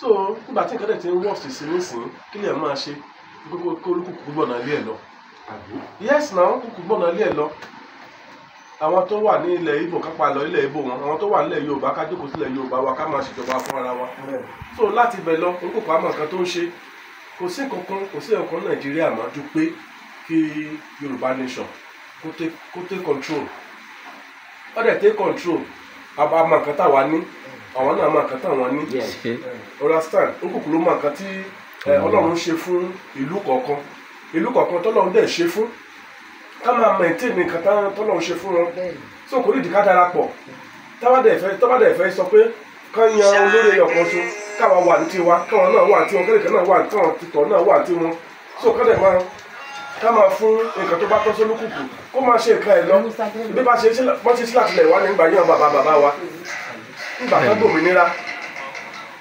so nígbà tí nǹkan dẹ̀ ti ń wọ̀ sí sí nísìnyí kí lè máa ṣe gbogbo kó olúkúkú gbọ̀nà ilé ẹ̀ lọ. yes na wọn kúkú gbọ̀nà ilé ẹ̀ lọ àwọn tó wà ní ilẹ̀ ibo ká pa lọ ilẹ̀ ibo wọn àwọn tó wà nílẹ̀ yorùbá ká jókòó sílẹ̀ yorùbá wa ká máa ṣèjọba fún ara wa so láti bẹ̀ lọ olúkúkú àmọ̀ nǹkan tó ń ṣe kò sí kankan kò sí ọ̀kan nàìjíríà mọ́ ju pé kí yorùbá nation kó take control ó dẹ̀ take control àbá àmọ̀ nǹkan táwa ní àwọn náà máa kàn táwọn ní understand ó kúkú ló máa kàn tí mm. ọlọ́run ṣe fún ìlú kọ̀ọ̀kan ìlú kọ̀ọ̀kan tọ́lọ́run dẹ̀ ṣe fún ká máa maintain nǹkan tọ́lọ́run ṣe fún wọn so kò nídìí ká darapọ̀ tọ́ba dẹ̀ fẹ́ sọ pé kán yan olórí ọ̀kan so káwa wà ní tiwa káwọn náà wà ní tiwọn kẹ́lẹ́kẹ́ náà wà ní tiwọn títọ̀ náà wà ní tiwọn so ká dẹ̀ máa ká máa fún nǹkan tó bá tọ́ sólúkùkù kó máa ṣe nǹkan ẹ̀ lọ bí bá ṣe sílẹ̀ wá nígbà yíyan bàbá bàbá wa nígbà tó gbòmìnira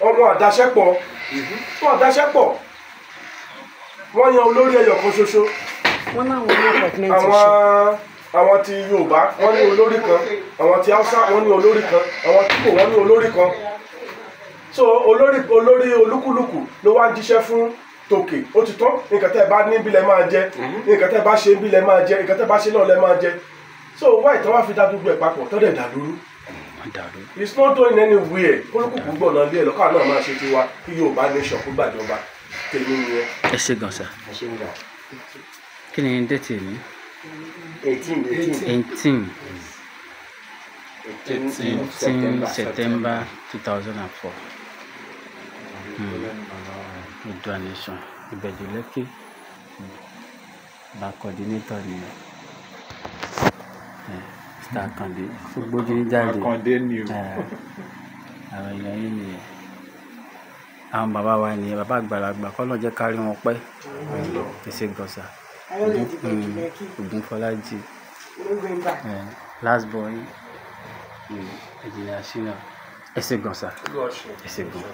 ọmọ àdáṣẹ́pọ̀ ọmọ àdáṣẹ́pọ̀ wọ́n yan olórí ẹyọ kan ṣoṣo wọ́n láwọn ní appointment ṣe àwọn ti yorùbá wọ́n ní olórí kan àwọn ti hausa wọ́n ní olórí kan àwọn ti Ìgbò wọ́n ní olórí kan so olórí olórí olúkúlùkù ló wá ń jíṣẹ́ fún tòkè ó ti tán nǹkan tẹ́ ẹ bá ní bílẹ̀ máa jẹ nǹkan tẹ́ ẹ bá ṣe bílẹ̀ máa jẹ nǹkan tẹ́ ẹ bá ṣe náà lẹ́ máa jẹ so wáyé tó wá fi dá gbogbo ẹ̀ papọ̀ tó dẹ̀ dà it's not going anywhere olùkùkù gbọ̀nà ilé ẹ̀ lọ́kàn náà máa ṣe tiwa kí Yorùbá nation kó gbàjọba tèmi nìyẹn. ẹ ṣe gan sa kí ni dẹ́tì ẹ̀ ní. eighteen eighteen eighteen September two thousand and four hmm. Oòduà nation Ìbẹ̀jú Lẹ́kì hmm. bá coordinator nìyẹn. Hmm. Mr. Akande tó gbójú jáde Akande ni o eh, àwọn èèyàn yìí ni, àwọn bàbá wa nìyẹn bàbá àgbàlagbà kọ́lọ̀ jẹ́ kárí wọn pẹ́ ẹsẹ̀ gọ̀sà Ògúnfọlájì last boy ẹ̀jẹ̀ àṣìnà ẹsẹ̀ gọ̀sà ẹsẹ̀ gọ̀sà.